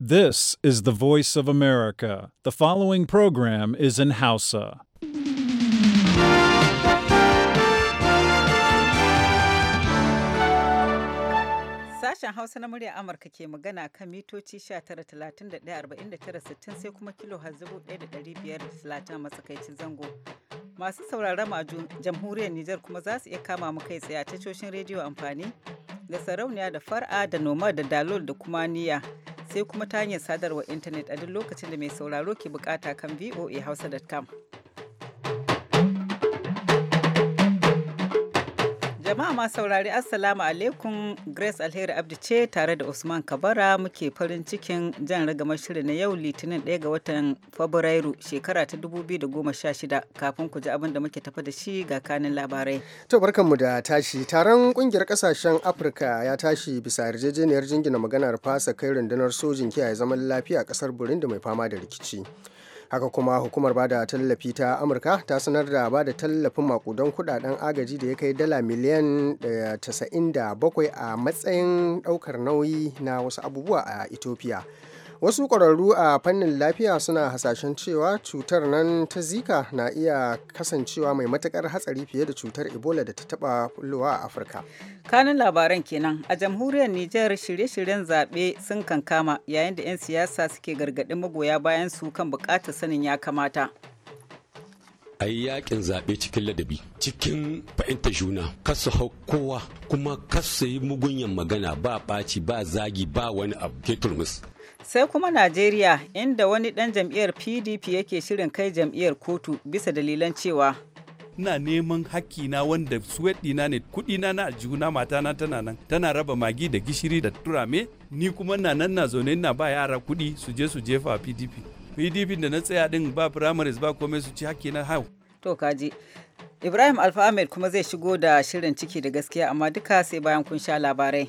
This is the voice of America. The following program is in Hausa. Sashen Hausa na murya Amurka ke magana kan mitoci 19,31,49,60 sai kuma kilo hazzubu 1,530 matsakaicin zango. Masu sauraron a jamhuriyar Nijar kuma za su iya kama mu kai tsaye a tashoshin rediyo amfani da sarauniya da far'a da noma da dalol da kuma niyya. sai kuma ta hanyar sadarwar intanet a duk lokacin da mai sauraro ke bukata kan voa hausa.com. Jama'a masu saurari Assalamu alaikum Grace Alheri Abdi ce tare da Usman Kabara muke farin cikin jan ragamar shiri na yau Litinin daya ga watan Fabrairu shekara ta 2016 kafin ku ji abin da muke tafa da shi ga kanin labarai. To barkanmu da tashi taron kungiyar kasashen Afirka ya tashi bisa yarjejeniyar jingina maganar fasa kai rundunar sojin kiyaye zaman lafiya a kasar Burundi mai fama da rikici. haka kuma hukumar bada tallafi ta amurka ta sanar da ba bada tallafin makudan kudaden agaji da ya kai dala miliyan 97 eh, a matsayin daukar nauyi na wasu abubuwa a ethiopia wasu ƙwararru a fannin lafiya suna hasashen cewa cutar nan ta zika na iya kasancewa mai matuƙar hatsari fiye da cutar ebola da ta taɓa bullowa a afirka kanun labaran kenan a jamhuriyar nijar shirye-shiryen zaɓe sun kankama yayin da 'yan siyasa suke gargaɗin magoya bayan su kan buƙatar sanin ya kamata a yi yakin zaɓe cikin ladabi cikin fahimta juna kasu hau kowa kuma kasu yi mugunyan magana ba ɓaci ba zagi ba wani abu ke turmus sai kuma najeriya inda wani dan jam'iyyar pdp yake shirin kai jam'iyyar kotu bisa dalilan cewa ina neman hakkina wanda sweat ɗina ne kuɗina na aljihuna matana tana nan tana raba magi da gishiri da turame ni kuma na nan na zaune na ba yara kuɗi su je su jefa pdp pdp da na tsaya din ba primaries ba komai su ci hakkina hau to kaji ibrahim alfa ahmed kuma zai shigo da shirin ciki da gaskiya amma duka sai bayan kun sha labarai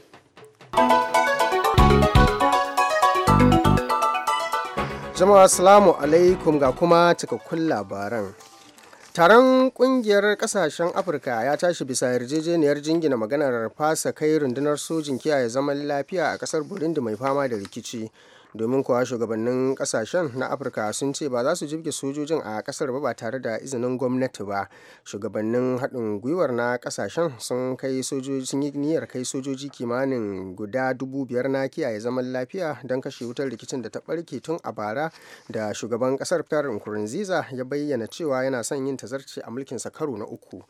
jama'a assalamu alaikum ga kuma cikakkun labaran taron kungiyar kasashen afirka ya tashi bisa yarjejeniyar jingina maganar fasa kai rundunar sojin kiyaye zaman lafiya a kasar burundi mai fama da rikici domin kuwa shugabannin kasashen na afirka sun ce ba za su jibge sojojin a kasar ba ba tare da izinin gwamnati ba shugabannin haɗin gwiwar na kasashen sun kai sojoji sun yi niyyar kai sojoji kimanin guda dubu biyar na kiyaye zaman lafiya don kashe wutar rikicin da ta ɓarke tun a bara da shugaban kasar pierre nkurunziza ya bayyana cewa yana son yin tazarci a mulkinsa karo na uku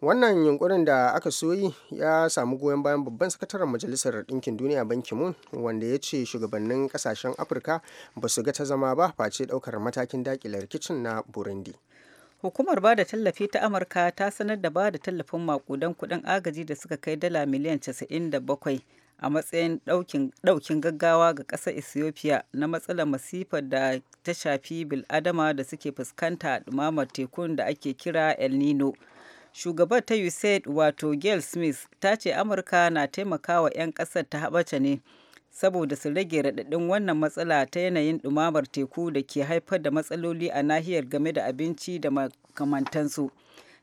wannan yunkurin da aka soyi ya samu goyon bayan babban sakataren majalisar ɗinkin duniya bankin moon wanda ya ce shugabannin kasashen afirka ba su ga ta zama ba face ɗaukar matakin daƙilar rikicin na burundi hukumar ba da tallafi ta amurka ta sanar da ba da tallafin makudan kuɗin agaji da suka kai dala miliyan 97 a matsayin ɗaukin gaggawa ga ƙasar ethiopia na matsalar masifar da ta shafi biladama da suke fuskanta a tekun da ake kira el nino shugabar ta usaid wato gail smith ta ce amurka na taimakawa 'yan ƙasar ta haɓace ne saboda su rage raɗaɗin wannan matsala ta yanayin ɗumamar teku da ke haifar da matsaloli a nahiyar game da abinci da makamantansu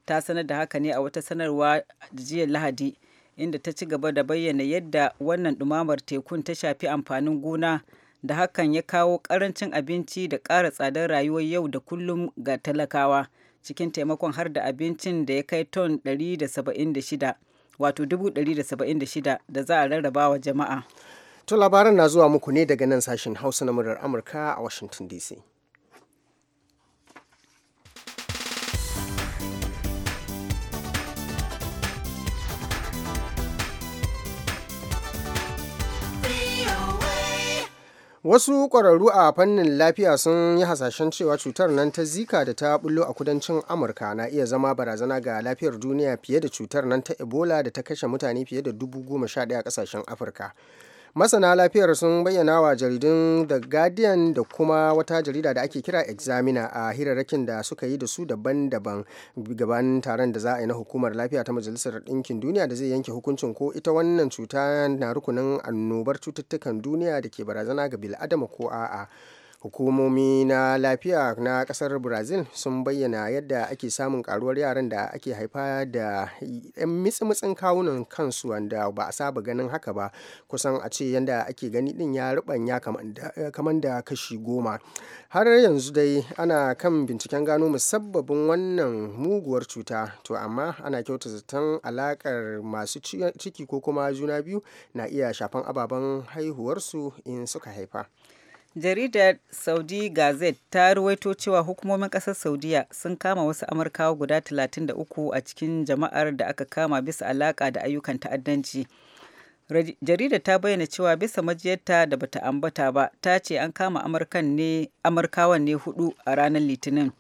ta sanar da haka ne a wata sanarwa jiya lahadi inda ta ci gaba da bayyana yadda wannan ɗumamar tekun ta shafi amfanin gona da hakan ya kawo ƙarancin abinci da ƙara tsadar rayuwar yau da kullum ga talakawa. cikin taimakon har da abincin da ya kai ton 176 wato 176 da za a rarraba wa jama'a. To labaran na zuwa muku ne daga nan sashen Hausa na murar Amurka a Washington DC. wasu kwararru a fannin lafiya sun yi hasashen cewa cutar nan ta zika da ta bullo a kudancin amurka na iya zama barazana ga lafiyar duniya fiye da cutar nan ta ebola da ta kashe mutane fiye da dubu goma sha ɗaya kasashen afirka masana lafiyar sun bayyana wa jaridun the guardian da kuma wata jarida da ake kira examina a hirarrakin da suka yi da su daban-daban gaban taron da za a yi na hukumar lafiya ta majalisar ɗinkin duniya da zai yanke hukuncin ko ita wannan cuta na rukunin annobar cututtukan duniya da ke barazana ga bil'adama ko a'a hukumomi na lafiya na kasar brazil sun bayyana yadda ake samun karuwar yaran da ake haifa da yan mitsimitsin kawunan kansu wanda ba a saba ganin haka ba kusan a ce yadda ake gani din ya rubanya kamar da kashi goma har yanzu dai ana kan binciken gano musabbabin wannan muguwar cuta to amma ana kyauta zaton alakar masu ciki ko kuma juna biyu na iya shafan ababen haihuwarsu in suka haifa jaridar saudi gazette ta ruwaito cewa hukumomin kasar saudiya sun kama wasu amurkawa guda 33 a cikin jama'ar da aka kama bisa alaka da ayyukan ta'addanci jaridar ta bayyana cewa bisa majiyarta da bata ambata ba ta ce an kama amurkawan ne hudu a ranar litinin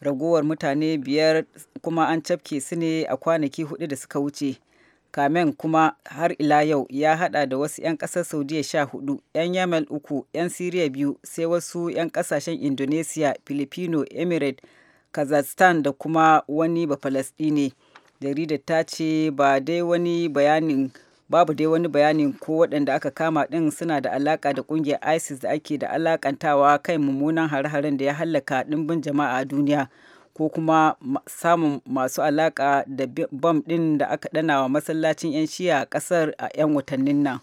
ragowar mutane biyar kuma an cafke su ne a kwanaki hudu da suka wuce kamen kuma har ila yau ya hada da wasu 'yan kasar saudiya sha hudu 'yan yamal uku 'yan siriya biyu sai wasu 'yan kasashen indonesia filipino emirate kazakhstan da kuma wani bafalastine jaridar ta ce ba dai wani bayanin babu dai wani bayanin ko waɗanda aka kama ɗin suna da alaka da ƙungiyar isis da ake da alakantawa kan mummunan hare-haren da ya hallaka ɗimbin jama'a a duniya ko kuma samun masu alaka da bam ɗin da aka ɗana wa masallacin 'yan shiya kasar a 'yan watannin nan.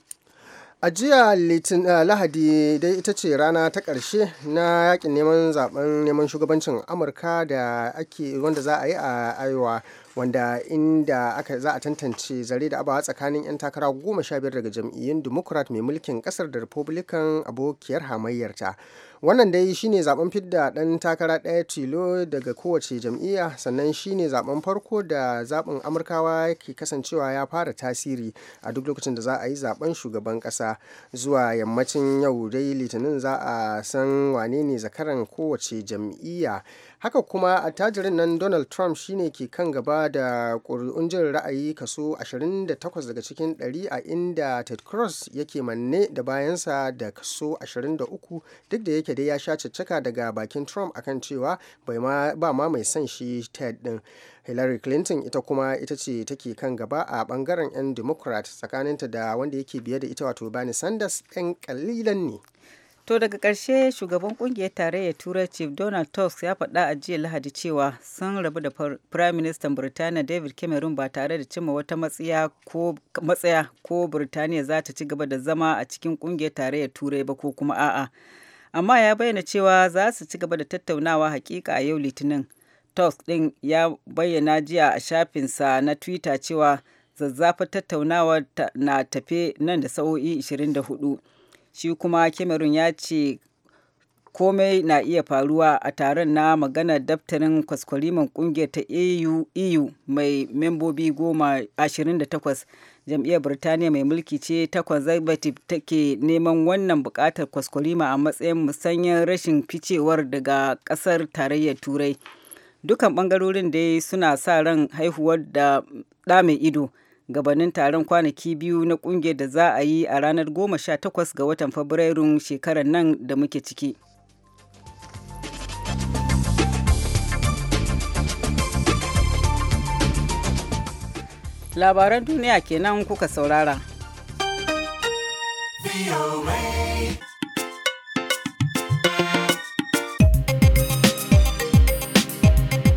a jiya eh, lahadi dai ita ce rana ta ƙarshe na yakin neman zaben neman shugabancin amurka da ake wanda za a yi a aiwa wanda inda aka za a tantance zare da abawa tsakanin 'yan takara goma sha biyar daga jam'iyyun democrat mai mulkin kasar da republican abokiyar hamayyarta wannan dai shine zaben fidda dan takara daya tilo daga kowace jam'iyya sannan shine zaben farko da zaben amurkawa ke kasancewa ya fara tasiri a duk lokacin da za a yi zaben shugaban kasa zuwa yammacin yau dai litinin za a san wane ne zakaran kowace jam'iyya haka kuma attajirin nan donald trump shine ke kan gaba da ƙuri'un jin ra'ayi kaso 28 daga cikin 100 a inda ted cross yake manne da bayansa da kaso 23 duk da yake dai ya sha caccaka daga bakin trump akan cewa ba ma mai son shi ted din hillary clinton ita kuma ita ce take kan gaba a bangaren 'yan democrat tsakaninta da wanda yake biye da ita wato bernie sanders 'yan kalilan ne To daga ƙarshe shugaban kungiyar tarayyar Turai Chief Donald Tusk ya faɗa a jiya Lahadi cewa sun rabu da Prime Minister Birtaniya David Cameron ba tare da cimma wata matsaya ko matsaya ko Birtaniya za ta ci gaba da zama a cikin kungiyar tarayyar Turai ba ko kuma a'a. Amma ya bayyana cewa za su ci gaba da tattaunawa hakika a yau Litinin. Tusk ɗin ya bayyana jiya a shafinsa na Twitter cewa zazzafa tattaunawa na tafe nan da sa'o'i 24. Shi kuma Cameron ya ce komai na iya faruwa a taron na maganar daftarin kwaskwariman kungiyar ta EU, e mai membobi goma 28. Jam'iyyar Birtaniya mai mulki ce ta Conservative take neman wannan bukatar kwaskwarima a matsayin musanyen rashin ficewar daga kasar tarayyar Turai. Dukan bangarorin da suna sa ran haihuwar da ɗa mai ido. gabanin taron kwanaki biyu na kungiyar da za a yi a ranar 18 ga watan fabrairun shekarar nan da muke ciki. Labaran duniya kenan kuka saurara.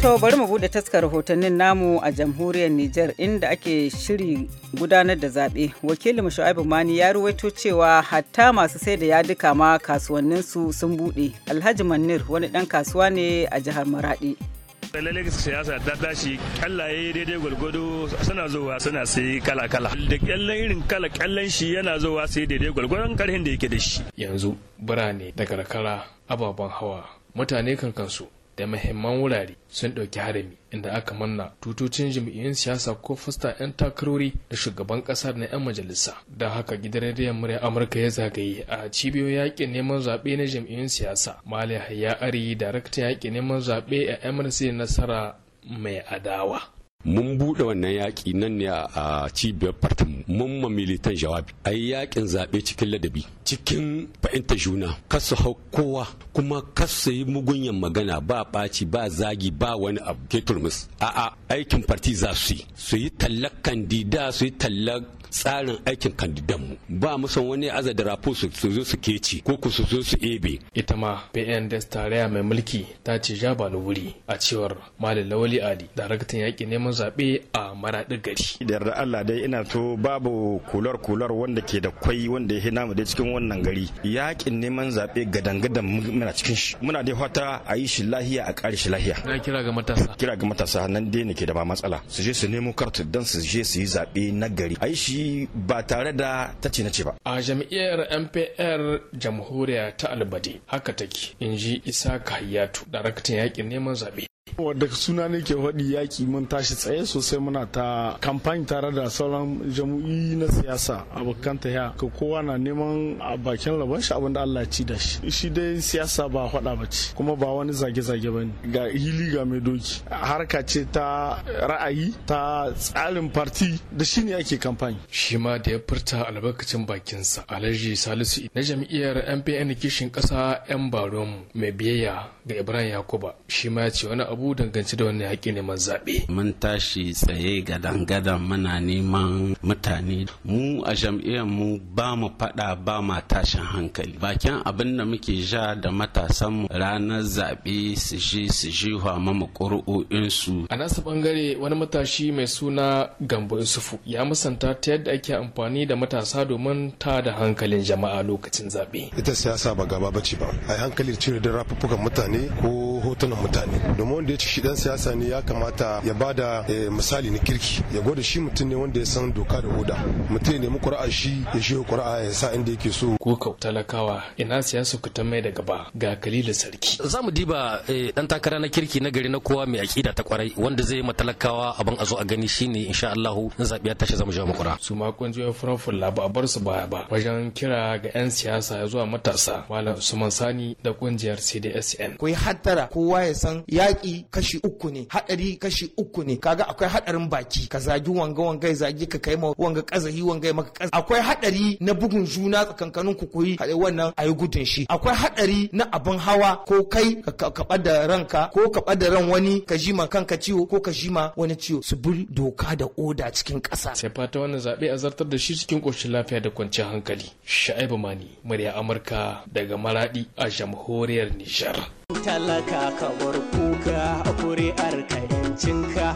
To bari mu bude taskar rahotannin namu a jamhuriyar Nijar inda ake shiri gudanar da zaɓe. Wakilin Shu'aibu Mani ya ruwaito cewa hatta masu sai da yaduka ma kasuwannin su sun buɗe. Alhaji Manir wani ɗan kasuwa ne a jihar Maraɗi. lalle siyasa ta tashi kallaye daidai gwalgwado suna zowa suna sai kala-kala da kyallen irin kala kyallen shi yana zowa sai daidai gwalgwadon karhin da yake da shi yanzu birane da karkara ababen hawa mutane kankansu da mahimman wurare sun ɗauki harami inda aka manna tutocin jam'iyyun siyasa ko fusta 'yan takarori da shugaban ƙasar na 'yan majalisa da haka gidan rediyon murya amurka ya zagaye a cibiyoyin yaƙin neman zaɓe na jam'iyyun siyasa mali hayya ari darakta yaƙin neman zaɓe a mrc nasara mai adawa mun buɗe wannan yaƙi nan ne a cibiyar fartin mun ma militan jawabi a yi yaƙin zaɓe cikin ladabi cikin fahimta juna kasu hau kowa kuma kasu yi mugunyan magana ba ɓaci ba zagi ba wani abu ke turmus a'a aikin farti za su yi su yi tallakan kandida su yi tallar tsarin aikin kandidanmu ba mu san wani aza da rafo su zo su keci ko ku su zo su ebe ita ma PNDS tarayya mai mulki ta ce ja ba wuri a cewar Malam Lawali Ali daraktan yaƙi neman zaɓe a maraɗin gari da yarda Allah dai ina to babu kular kular wanda ke da kwai wanda ya hina mu dai cikin wannan gari yaƙin neman zaɓe gadan-gadan muna cikin shi muna dai fata a yi shi lahiya a ƙare shi lahiya na kira ga matasa kira ga matasa nan dai ne ke da ba matsala su je su nemo kartu dan su je su yi zaɓe na gari a yi shi ba tare da ta ce na ce ba. A jam'iyyar MPR jamhuriya ta albade haka take in ji Isa Kahiyatu daraktan yaƙin neman zaɓe. Wadda suna ne ke faɗi yaƙi mun tashi tsaye sosai muna ta kamfani tare da sauran jam'i na siyasa abokan ta ka kowa na neman a bakin rabon shi abinda Allah ci da shi. Shi dai siyasa ba faɗa ba ce kuma ba wani zage-zage ba ne ga hili ga mai doki. Harka ce ta ra'ayi ta tsarin farti da shi ne ake kamfani. Shi ma da ya furta albarkacin bakinsa Alhaji Salisu na jam'iyyar MPN kishin ƙasa 'yan baron mai biyayya ga Ibrahim Yakuba shi ma ya ce wani abu ku dangance da wannan haƙƙi neman zaɓe. Mun tashi tsaye gadan-gadan muna neman mutane. Mu a jam'iyyar mu ba mu faɗa ba ma tashin hankali. Bakin abin da muke ja da matasan ranar zaɓe su je su je mamu ƙuri'o'insu. A nasa ɓangare wani matashi mai suna Gambo Yusufu ya musanta ta yadda ake amfani da matasa domin ta da hankalin jama'a lokacin zaɓe. Ita siyasa ba gaba bace ba. A hankali cire da rafuffukan mutane ko hotunan mutane domin wanda ya ci shi dan siyasa ne ya kamata ya bada eh, misali na kirki ya gwada shi mutum ne wanda ya san doka da oda mutum ne mu ƙura'a shi ya shi ƙura'a ya sa inda yake so ko ka talakawa ina siyasa ku ta mai da gaba ga kalilu sarki za mu diba dan eh, takara na kirki na gari na kowa mai akida ta kwarai wanda zai matalakawa abin a zo a gani shine insha Allah in zabi ya tashi zamu je mu ƙura su ma kungiyoyin furan fulla ba a bar su baya ba wajen kira ga yan siyasa ya zuwa matasa malam Usman Sani da kungiyar CDSN ku yi hattara kowa ya san yaƙi kashi uku ne haɗari kashi uku ne kaga akwai haɗarin baki ka zagi wanga wanga ya zagi ka kai ma wanga kazahi wanga ya maka kazahi akwai haɗari na bugun juna tsakankanin ku koyi haɗe wannan a yi gudun shi akwai haɗari na abin hawa ko kai ka kaɓa ranka ko kaɓa da ran wani ka ji ma kanka ciwo ko ka ji ma wani ciwo su bi doka da oda cikin ƙasa. sai fata wannan zaɓe a zartar da shi cikin ƙoshin lafiya da kwanciyar hankali sha'ibu mani murya amurka daga maraɗi a jamhuriyar nijar. talaka kamar kuka kuri'ar ka in ka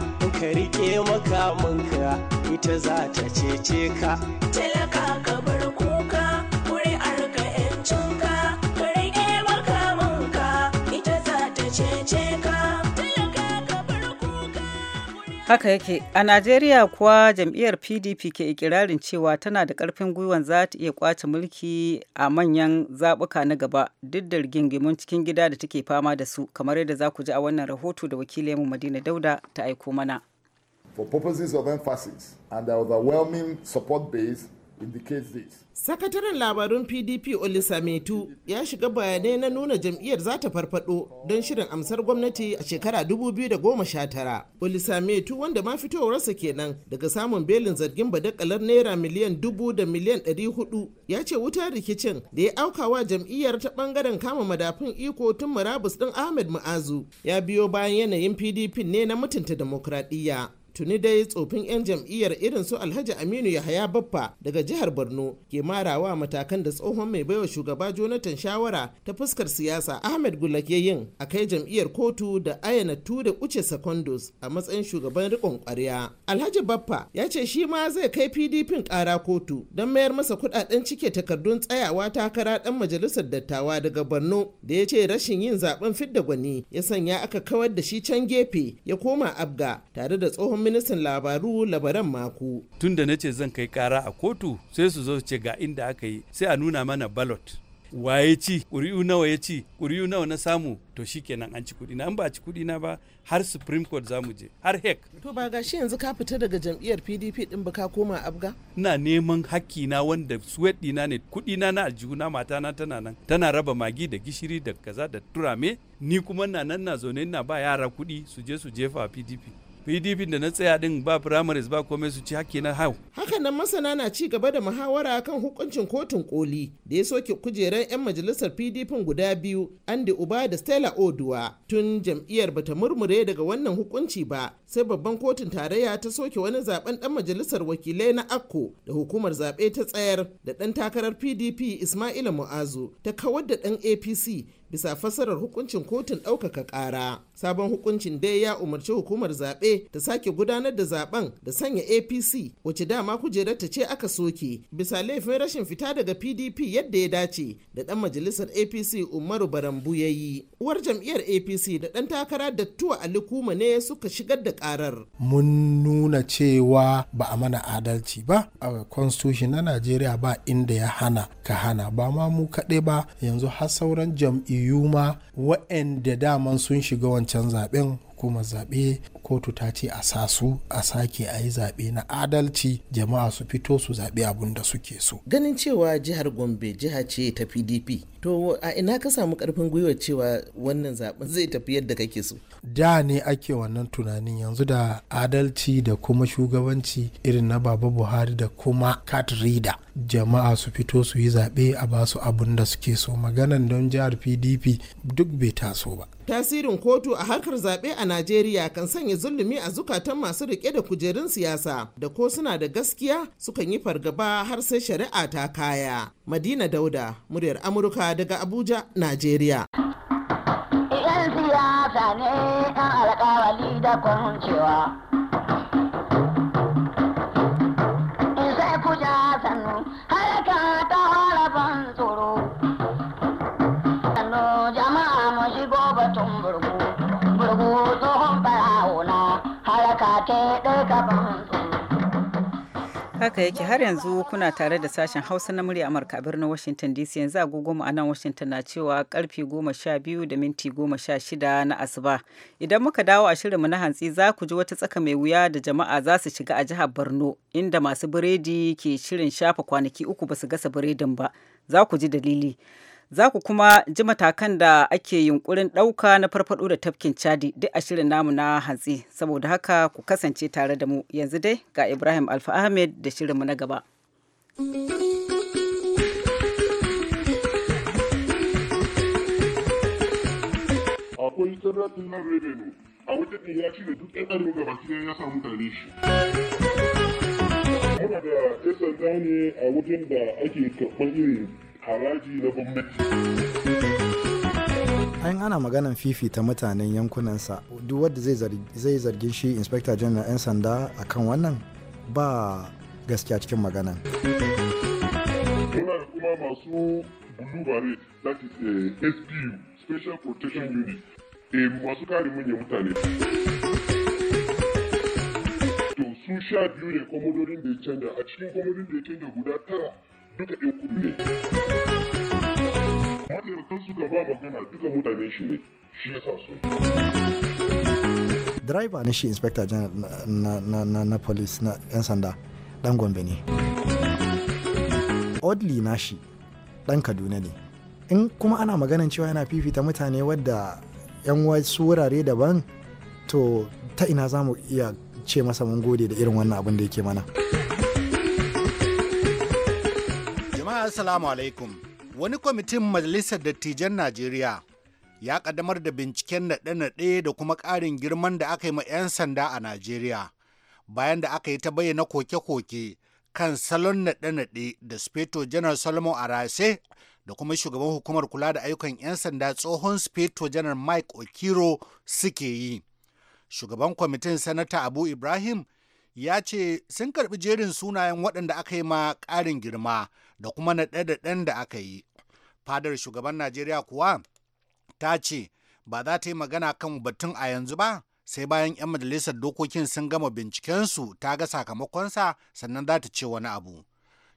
riƙe makamanka ita za ta cece ka talaka Haka yake, a Najeriya kuwa jam'iyyar PDP ke ikirarin cewa tana da karfin gwiwan za ta iya kwace mulki a manyan zaɓuka na gaba duk da rigingimun cikin gida da take fama da su, kamar yadda za ku ji a wannan rahoto da wakilinmu Madina Dauda ta aiko mana. For purposes of emphasis and the overwhelming support base Sakataren labarun PDP Olisametu ya shiga bayanai na nuna jam'iyyar za ta farfado don shirin amsar gwamnati a shekara 2019. Olisametu wanda ma fitowarsa kenan daga samun belin zargin badakalar naira miliyan dubu da miliyan ɗari hudu ya ce wuta rikicin da ya aukawa jam'iyyar ta bangaren kama madafin iko tun murabus ɗin Ahmed Ma'azu ya biyo bayan yanayin PDP ne na mutunta demokradiyya. tuni dai tsofin 'yan jam'iyyar irin su alhaji aminu yahaya baffa daga jihar borno ke marawa matakan da tsohon mai baiwa shugaba jonathan shawara ta fuskar siyasa ahmed gulak ya yin a kai jam'iyyar kotu da ayana da uce secondos a matsayin shugaban rikon kwarya alhaji baffa ya ce shi ma zai kai pdp kara kotu don mayar masa kudaden cike takardun tsayawa takara dan majalisar dattawa daga borno da ya ce rashin yin zaben fidda gwani ya sanya aka kawar da shi can gefe ya koma abga tare da tsohon ministan labaru labaran mako. Tun da na ce zan kai kara a kotu sai su zo ce ga inda aka yi sai a nuna mana ballot. Waye ci, ƙuri'u nawa ya ci, ƙuri'u nawa na samu to shi kenan an ci kuɗi na an ba ci kuɗi na ba har Supreme Court za mu je har hek. To ba ga shi yanzu ka fita daga jam'iyyar PDP din ba ka koma abga? Na neman hakki na wanda sweat ɗina ne kuɗi na na aljihuna mata na tana nan tana raba magi da gishiri da kaza da turame ni kuma na nan na zaune na ba yara kuɗi su je su jefa PDP. pdp da na tsaya din ba primaries ba komai su ci hakki na hau hakanan masana na ci gaba da muhawara kan hukuncin kotun koli da ya soke kujeran 'yan majalisar pdp guda biyu andy uba da stella oduwa tun jam'iyyar bata murmure daga wannan hukunci ba sai babban kotun tarayya ta soke wani zaben dan majalisar wakilai na akko da hukumar zaɓe ta tsayar da dan takarar pdp ismaila mu'azu ta kawar da dan apc bisa fassarar hukuncin kotun ɗaukaka ƙara sabon hukuncin dai ya umarci hukumar zaɓe ta sake gudanar da zaben da sanya apc wacce dama kujerar ta ce aka soke bisa laifin rashin fita daga pdp yadda ya dace da ɗan majalisar apc umaru barambu ya yi uwar jam'iyyar apc da ɗan takara da tuwa alikuma ne suka shigar da ƙarar mun nuna cewa ba a mana adalci ba a constitution na najeriya ba inda ya hana ka hana ba ma mu kaɗai ba yanzu har sauran jam'iyyu yuma ma waɗanda daman sun shiga wancan zaɓen hukumar zaɓe kotu ta ce a sa su a sake a yi zaɓe na adalci jama'a su fito su zaɓe abun da suke so. Ganin cewa jihar Gombe jiha ce ta PDP To a ina ka samu karfin gwiwa cewa wannan zaben zai tafi yadda kake so? Da ne ake wannan tunanin yanzu da adalci da kuma shugabanci irin na Baba Buhari da kuma Cat Reader. Jama'a su fito su yi zaɓe a su abun da suke so maganan don jihar PDP duk bai taso ba. Tasirin kotu a harkar zaɓe a Najeriya kan sanya zulumi a zukatan masu riƙe da kujerun siyasa da ko suna da gaskiya sukan yi fargaba har sai shari'a ta kaya. Madina Dauda, muryar Amurka daga Abuja, Najeriya. Idan siyasa ne 'yan alkawali da cewa. Haka yake har yanzu kuna tare da sashen Hausa na murya Amurka a birnin Washington DC yanzu agogo mu a nan Washington na cewa karfe goma sha biyu da minti goma sha shida na asuba. Idan muka dawo a shirinmu na hantsi za ku ji wata tsaka mai wuya da jama'a za su shiga a jihar Borno inda masu biredi ke shirin shafa kwanaki uku ba su gasa biredin ba. Za ku ji dalili. Za ku kuma ji matakan da ake yunkurin ɗauka na farfaɗo da tafkin Chadi duk a shirin namu na hantsi. Saboda haka ku kasance tare da mu yanzu dai ga Ibrahim Alfa Ahmed da shirinmu na gaba. Akwai sarrafin nan Rebelo a wajen da ya da duk ɗan ɗan gaba ya samu tare shi. Muna da 'yan sanda ne a wajen da ake karɓar irin haraji na gwamnati an ana maganan fifita mutanen yankunansa duk wadda zai zargin shi inspector general 'yan sanda kan wannan ba gaskiya cikin maganan muna da kuma masu blue beret that is a eh, spu special protection unit eh, masu kare manyan mutane to sun sha biyu ne komodorin da ya canja a cikin komodorin da ya canja guda tara duka suka ba magana duka mutane shi ne shi ya sa Driver ne shi inspector general na, na, police na 'yan sanda dan Gombe ne. Oddly na shi dan Kaduna ne. In kuma ana maganan cewa yana fifita mutane wadda 'yan wasu wurare daban to ta ina zamu iya ce masa mun gode da irin wannan abin da yake mana. Assalamu alaikum. Wani kwamitin Majalisar Dattijan Najeriya ya kaddamar da binciken naɗe-naɗe da kuma ƙarin girman da aka yi ma 'yan sanda a Najeriya bayan da aka yi ta bayyana koke-koke kan salon naɗe-naɗe da Speto General Solomon Arase da kuma shugaban hukumar kula da ayyukan 'yan sanda tsohon Speto Janar Mike Okiro suke yi. Shugaban kwamitin Sanata Abu Ibrahim ya ce sun karɓi jerin sunayen waɗanda aka yi ma ƙarin girma. da kuma na daɗen da aka yi fadar shugaban najeriya kuwa ta ce ba za ta yi magana kan batun a yanzu ba sai bayan 'yan majalisar dokokin sun gama bincikensu ta ga sakamakonsa sannan za ta ce wani abu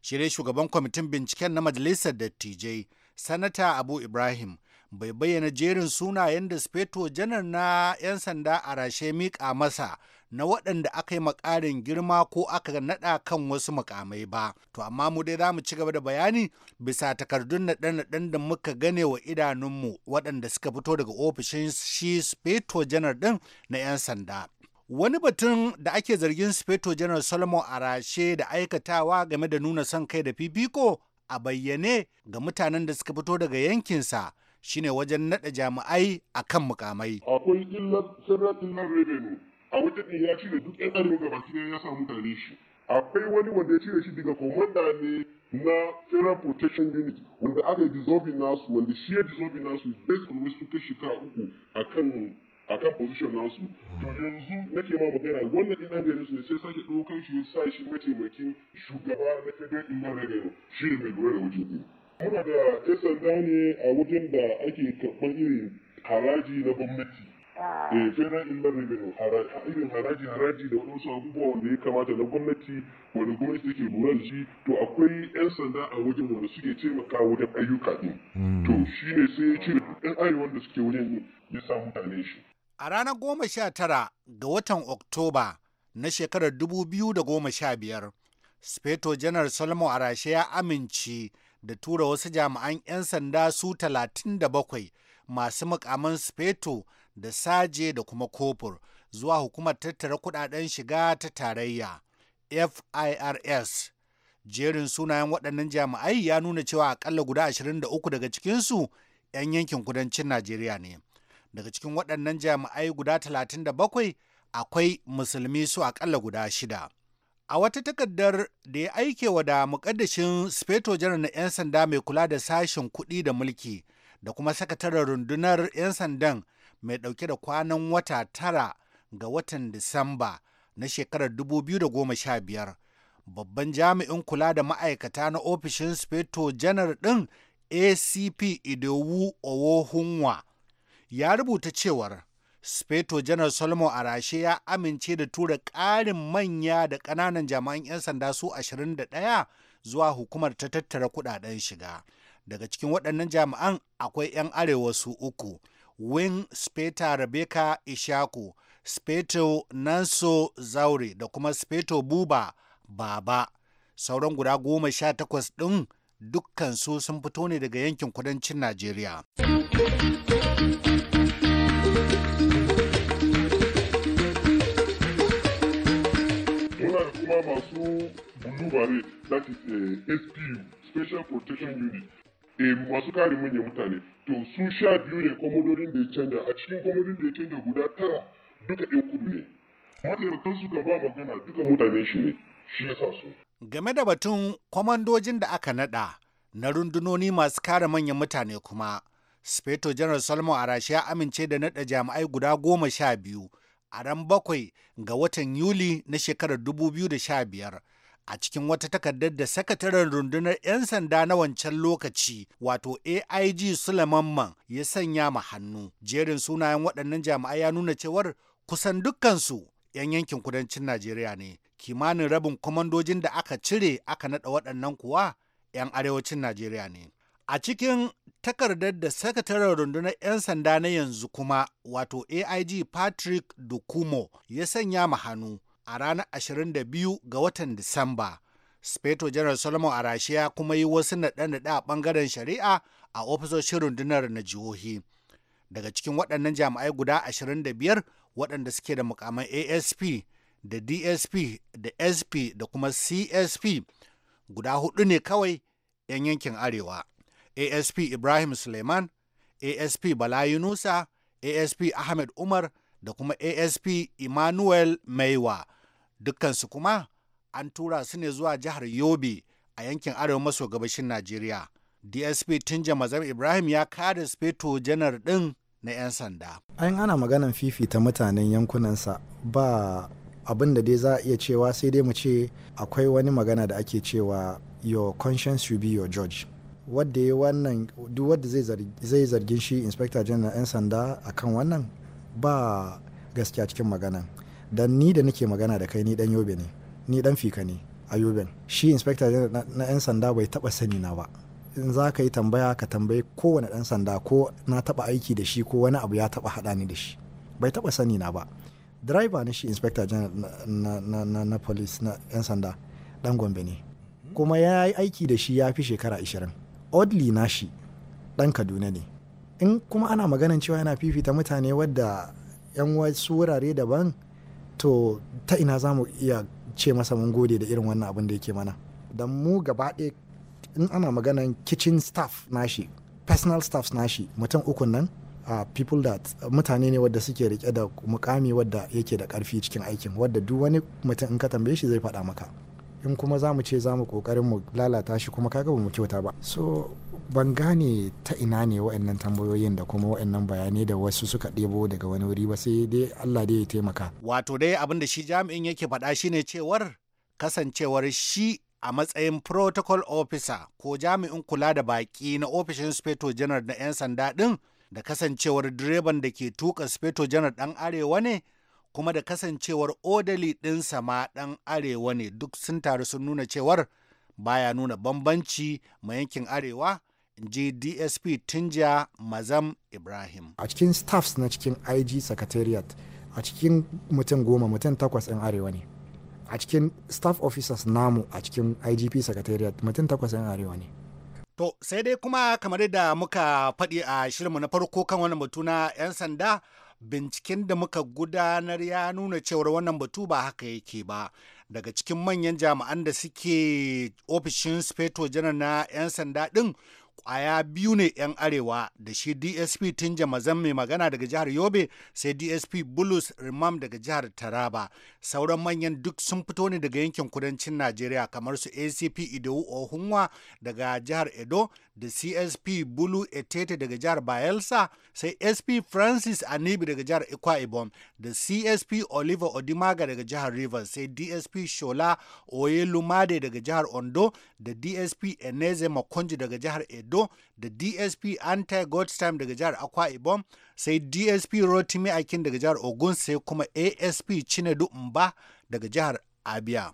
shirye shugaban kwamitin binciken na majalisar dattijai sanata abu ibrahim bai bayyana jerin sunayen da speto janar na 'yan sanda a rashe miƙa masa na waɗanda aka yi makarin girma ko aka naɗa kan wasu mukamai ba. To amma mu dai za mu ci gaba da bayani bisa takardun naɗe-naɗen da muka gane wa idanunmu waɗanda suka fito daga ofishin shi Speto Janar ɗin na 'yan sanda. Wani batun da ake zargin Speto Janar Solomon rashe da aikatawa game da nuna son kai da fifiko a bayyane ga mutanen da suka fito daga yankinsa shine wajen naɗa jami'ai a kan mukamai. Akwai illar sirratin na a wajen ne ya cire duk 'yan arewa gaba ɗaya ya samu tare shi akwai wani wanda ya cire shi daga komanda ne na federal protection unit wanda aka yi nasu wanda shi ya dissolving nasu based on wasu ta shekara uku akan akan position nasu to yanzu nake ma magana wannan din an gare su ne sai sake ɗaukar shi ya sa shi mataimakin shugaba na federal inland revenue shi ne mai lura da wajen ne muna da 'yan sanda ne a wajen da ake karɓar irin haraji na gwamnati federal inland revenue irin haraji haraji da wasu abubuwa da ya kamata na gwamnati wani gwamnati take lura da shi to akwai yan sanda a wajen wanda suke taimaka wajen ayyuka ne. Hmm. to shi ne sai ya cire duk arewa da suke wajen ya sa mutane shi a ranar goma sha tara ga watan oktoba na shekarar dubu biyu da goma sha biyar speto janar solomon arashe ya amince da tura wasu jami'an 'yan sanda su talatin da bakwai masu mukaman speto da saje da kuma kofur zuwa hukumar tattara kudaden shiga ta tarayya firs jerin sunayen waɗannan jami'ai ya nuna cewa akalla guda 23 daga cikinsu 'yan yankin kudancin najeriya ne daga cikin waɗannan jami'ai guda 37 akwai musulmi su akalla guda shida a wata takardar da ya aikewa da mukaddashin sfeto janar na 'yan sanda mai kula da sashen kuɗi da mulki da kuma sakataren rundunar 'yan sandan mai ɗauke da kwanan wata tara ga watan Disamba na shekarar 2015. Babban jami'in kula da ma'aikata na ofishin Speto janar ɗin ACP Idowu Owohunwa ya rubuta cewar Speto janar Solomon Arashe ya amince da tura ƙarin manya da ƙananan jami'an 'yan sanda su 21 zuwa hukumar ta tattara kuɗaɗen shiga. Daga cikin waɗannan jami'an akwai 'yan arewa su uku. wing speta rebecca ishaku speto nanso zaure da kuma speto buba baba sauran guda goma sha takwas ɗin dukkan su sun fito ne daga yankin kudancin najeriya muna kuma masu bulu bare that is a eh, spu special protection unit Eh, masu kare manya mutane to su sha biyu ne komodorin da ya canja a cikin komodorin da ya canja guda tara duka ɗin kudu ne mataimakan su ba magana duka mutane shi ne shi ya su. game da batun kwamandojin da aka nada na rundunoni masu kare manyan mutane kuma speto general solomon arashi ya amince da nada jami'ai guda goma sha biyu a ran bakwai ga watan yuli na shekarar 2015 a cikin wata takardar da sakataren rundunar 'yan sanda na wancan lokaci wato aig sulamanman ya sanya ma hannu jerin sunayen waɗannan jami'ai ya nuna cewar kusan dukkansu 'yan yankin kudancin najeriya ne kimanin rabin kwamandojin da aka cire aka naɗa waɗannan kuwa 'yan arewacin najeriya ne a cikin takardar da sakataren rundunar 'yan sanda na yanzu kuma wato aig patrick dukumo ya sanya ma hannu a ranar 22 ga watan Disamba. Speto General Solomon Arashi ya kuma yi wasu naɗe-naɗe a ɓangaren shari'a a ofisoshin rundunar na jihohi. Daga cikin waɗannan jami'ai guda 25 waɗanda suke da mukamai ASP da DSP da SP da kuma CSP guda huɗu ne kawai 'yan yankin Arewa. ASP Ibrahim Suleiman, ASP Bala Yunusa, ASP Ahmed Umar da kuma ASP Emmanuel Maiwa. dukkansu kuma an tura su ne zuwa jihar yobe a yankin arewa maso gabashin najeriya dsp tunja mazam ibrahim ya kada speto janar din na 'yan sanda An ana maganan fifita mutanen yankunansa ba abin da dai za a iya cewa sai dai mu ce akwai wani magana da ake cewa your conscience should be your judge wadda ya wannan duk wadda zai zargin shi inspector general 'yan sanda akan wannan ba gaskiya cikin maganan dan ni da nake magana da kai ni dan yobe ne ni dan fika ne a yoben shi inspector na yan sanda bai taba sani na ba in za ka yi tambaya ka tambayi kowane dan sanda ko na taba aiki da shi ko wani abu ya taba hada ni da shi bai taba sani na ba driver ne shi inspector na, na, na, na police na yan sanda dan gombe ne kuma ya yi aiki da shi ya fi shekara 20 oddly na shi dan kaduna ne in kuma ana maganan cewa yana fifita mutane wadda yan wasu wurare daban to ta ina za mu iya ce masa mun gode da irin wannan abin da yake mana da mu gaba ɗaya in ana maganan kitchen staff nashi personal staff nashi mutum ukun nan a people that mutane ne wadda suke rike da mukami wadda yake da karfi cikin aikin wadda duk wani mutum in ka tambaye shi zai faɗa maka in kuma za mu ce za mu kokarin mu lalata shi kuma kaga ba mu kyauta ba so ban gane ta ina ne wa'annan tambayoyin da kuma wa'annan bayanai da wasu suka ɗebo daga wani wuri ba sai dai Allah dai ya taimaka. Wato dai abin da shi jami'in yake faɗa ne cewar kasancewar shi a matsayin protocol officer ko jami'in kula da baki na ofishin speto general na 'yan sanda ɗin da kasancewar direban da ke tuka speto general ɗan arewa ne kuma da kasancewar odali ɗinsa ma ɗan arewa ne duk sun taru sun nuna cewar baya nuna bambanci ma yankin arewa in ji dsp tunja mazam ibrahim a cikin staffs na cikin ig secretariat a cikin mutum goma mutum takwas 'yan arewa ne a cikin staff officers namu a cikin igp secretariat mutum takwas 'yan arewa ne To sai dai kuma kamar da muka faɗi a shirinmu na farko kan wannan batu na 'yan sanda binciken da muka gudanar ya nuna cewar wannan batu ba haka yake ba. Daga cikin manyan jami'an da suke ofishin speto janar na 'yan sanda ɗin kwaya biyu ne 'yan arewa da shi dsp tinja mazan mai magana daga jihar yobe sai dsp bulus rimam daga jihar taraba sauran manyan duk sun fito ne daga yankin kudancin najeriya kamar su acp idowu ohunwa daga jihar edo da CSP Bulu Etete daga jihar Bayelsa, sai SP Francis Anibi daga jihar Ikwa Ibom, da CSP Oliver Odimaga daga jihar Rivers, sai DSP Shola Oyelumade daga jihar Ondo, da DSP Eneze Makonji daga jihar Edo, da DSP Anti Godstime daga jihar Akwa Ibom, sai DSP Rotimi Akin daga jihar Ogun, sai kuma ASP Chinedu Mba daga jihar Abia.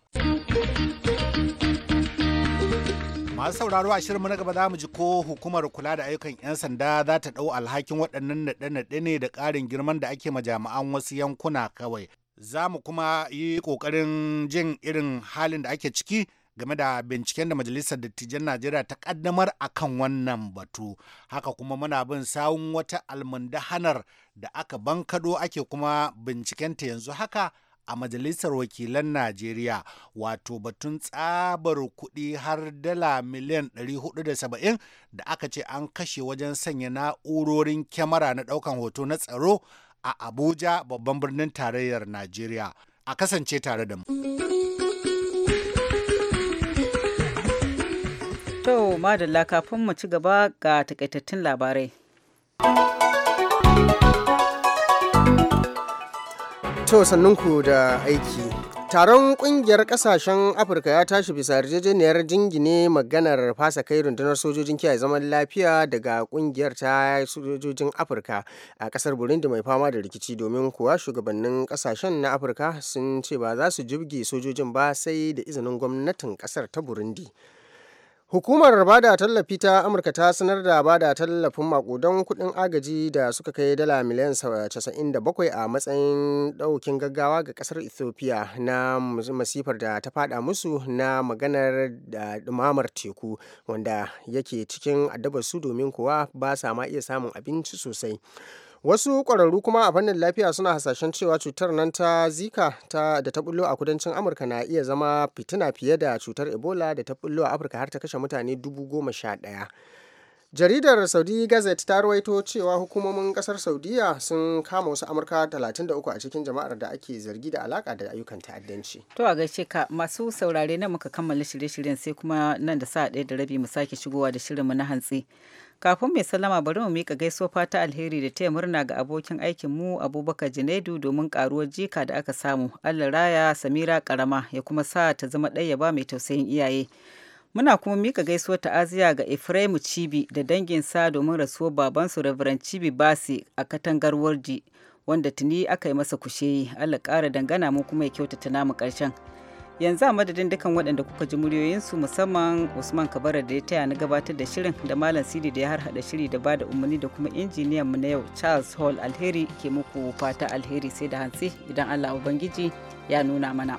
masu sauraro a shirin na gaba za mu ji ko hukumar kula da ayyukan 'yan sanda za ta ɗau alhakin waɗannan naɗe-naɗe ne da ƙarin girman da ake ma jami'an wasu yankuna kawai za mu kuma yi ƙoƙarin jin irin halin da ake ciki game da binciken da majalisar dattijan najeriya ta ƙaddamar a kan wannan batu haka kuma muna bin sawun wata almundahanar da aka bankado ake kuma bincikenta yanzu haka a Majalisar Wakilan Najeriya wato batun tsabar kuɗi har dala miliyan 470 da aka ce an kashe wajen sanya na'urorin kyamara na ɗaukan hoto na tsaro a Abuja babban birnin tarayyar Najeriya. A kasance tare da mu. To, madalla kafin mu ci gaba ga takaitattun labarai. To sannunku da aiki. Taron kungiyar kasashen Afirka ya tashi bisa yarjejeniyar jingine maganar fasa kai rundunar sojojin kiyaye zaman lafiya daga kungiyar ta sojojin Afirka a kasar Burundi mai fama da rikici domin kuwa shugabannin kasashen na Afirka sun ce ba za su jibge sojojin ba sai da izinin gwamnatin kasar ta Burundi. Hukumar bada tallafi ta Amurka ta sanar da bada tallafin makudan kuɗin agaji da suka kai dala miliyan 97 eh, a matsayin ɗaukin gaggawa ga ƙasar Ethiopia na masifar da ta fada musu na maganar da dumamar teku wanda yake cikin addabar su domin kuwa ba sa ma iya samun abinci sosai. wasu ƙwararru kuma a fannin lafiya suna hasashen cewa cutar nan ta zika ta da ta bullo a kudancin amurka na iya zama fitina fiye da cutar ebola da ta bullo a afirka har ta kashe mutane dubu goma sha ɗaya jaridar saudi gazette ta rawaito cewa hukumomin kasar saudiya sun kama wasu amurka 33 a cikin jama'ar da ake zargi da alaka da ayyukan ta'addanci to a gaishe ka masu saurare na muka kammala shirye-shiryen sai kuma nan da sa ɗaya da rabi mu sake shigowa da shirinmu na hantsi Kafin mai sallama bari mu mika gaisuwa fata alheri da taya murna ga abokin aikin mu Abubakar Junaidu domin karuwar jika da aka samu. Allah raya Samira Karama ya kuma sa ta zama ɗaya ba mai tausayin iyaye. Muna kuma mika gaisuwar ta'aziya ga Efraimu Cibi da danginsa domin rasuwar babansu Reverend Cibi Basi a katangar Warji wanda tuni aka yi masa kusheyi. Allah ƙara dangana mu kuma ya kyautata namu ƙarshen. yanzu a madadin dukan waɗanda kuka ji muryoyinsu musamman usman kabara da ya taya na gabatar da shirin da malam sidi da ya harhaɗa shiri da bada umarni da kuma injiniyan mu na yau charles hall alheri ke muku fata alheri sai da hantsi idan allah ubangiji ya nuna mana.